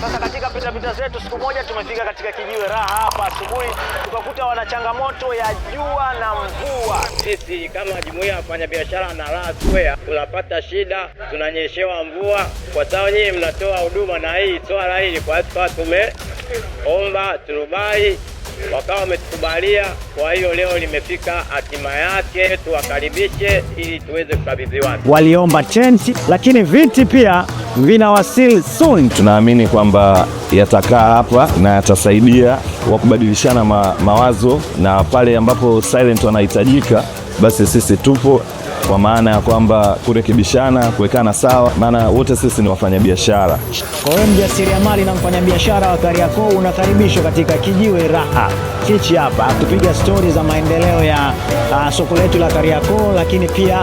Sasa katika pitapita zetu, siku moja tumefika katika kijiwe raha hapa asubuhi, tukakuta wana changamoto ya jua na mvua. Sisi kama jumuiya ya wafanyabiashara na Raha Square tunapata shida, tunanyeshewa mvua. Kwa sababu nyinyi mnatoa huduma na hii swala hili, kwa sababu tumeomba turubai wakawa wametukubalia. Kwa hiyo leo limefika hatima yake, tuwakaribishe ili tuweze kukabidhiwa. Waliomba tenti, lakini viti pia vinawasili soon. Tunaamini kwamba yatakaa hapa na yatasaidia wa kubadilishana ma, mawazo na pale ambapo Silent wanahitajika, basi sisi tupo kwa maana ya kwamba kurekebishana, kuwekana sawa, maana wote sisi ni wafanyabiashara. Kwa hiyo mjasiriamali na mfanyabiashara wa Kariakoo unakaribishwa katika kijiwe raha kichi hapa, kupiga stori za maendeleo ya uh, soko letu la Kariakoo, lakini pia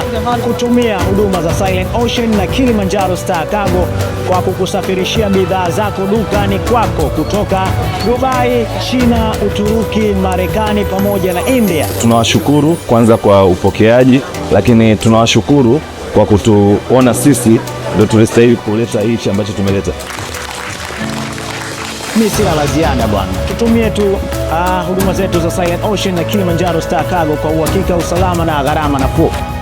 kutumia huduma za Silent Ocean na Kilimanjaro Star Cargo kwa kukusafirishia bidhaa zako dukani kwako kutoka Dubai, China, Uturuki, Marekani pamoja na India. Tunawashukuru kwanza kwa upokeaji lakini tunawashukuru kwa kutuona sisi ndio tulistahili kuleta hichi ambacho tumeleta. Mi sina la ziada bwana, tutumie tu uh, huduma zetu za Silent Ocean na Kilimanjaro Star Cargo kwa uhakika, usalama na gharama nafuu.